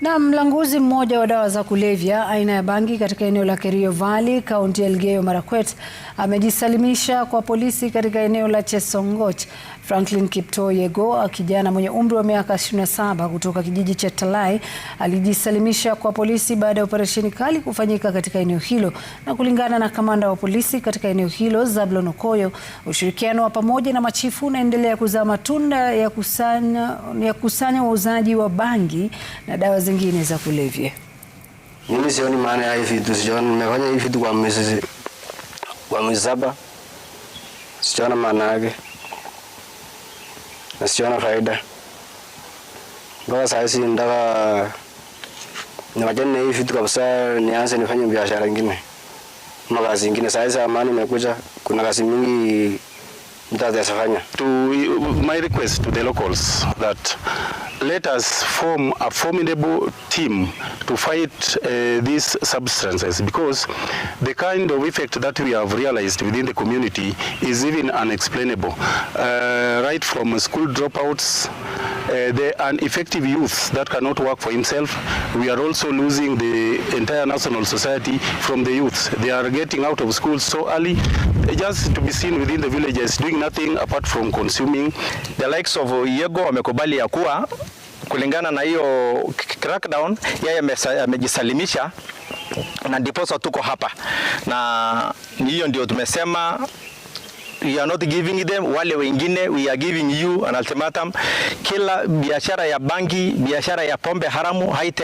Na mlanguzi mmoja wa dawa za kulevya aina ya bangi katika eneo la Kerio Valley, kaunti ya Elgeyo Marakwet amejisalimisha kwa polisi katika eneo la Chesongoch. Franklin Kiptoo-Yego, kijana mwenye umri wa miaka 27 kutoka kijiji cha Talai, alijisalimisha kwa polisi baada ya operesheni kali kufanyika katika eneo hilo. Na kulingana na kamanda wa polisi katika eneo hilo, Zablon Okoyo, ushirikiano wa pamoja na machifu unaendelea kuzaa matunda ya kusanya ya kusanya wauzaji wa bangi na dawa zingine za kulevya. Mimi sioni maana ya hivi vitu, sioni nimefanya hivi vitu kwa mwezi kwa miezi saba, siona maana yake na siona faida mpaka saa hizi ndaka niwachane na hivi vitu kabisa, nianze nifanye biashara nyingine ama kazi nyingine. Saa hizi amani imekuja, kuna kazi mingi mtu ataweza fanya. To my request to the locals that let us form a formidable team to fight uh, these substances because the kind of effect that we have realized within the community is even unexplainable uh, right from school dropouts uh, the, ineffective effective youth that cannot work for himself. We are also losing the entire national society from the youth. They are getting out of school so early, just to be seen within the villages doing nothing apart from consuming. The likes of Yego wamekubali ya kuwa kulingana na hiyo crackdown, yeye amejisalimisha na ndiposa tuko hapa, na hiyo ndio tumesema we are not giving them, wale wengine we are giving you an ultimatum. Kila biashara ya bangi, biashara ya pombe haramu haite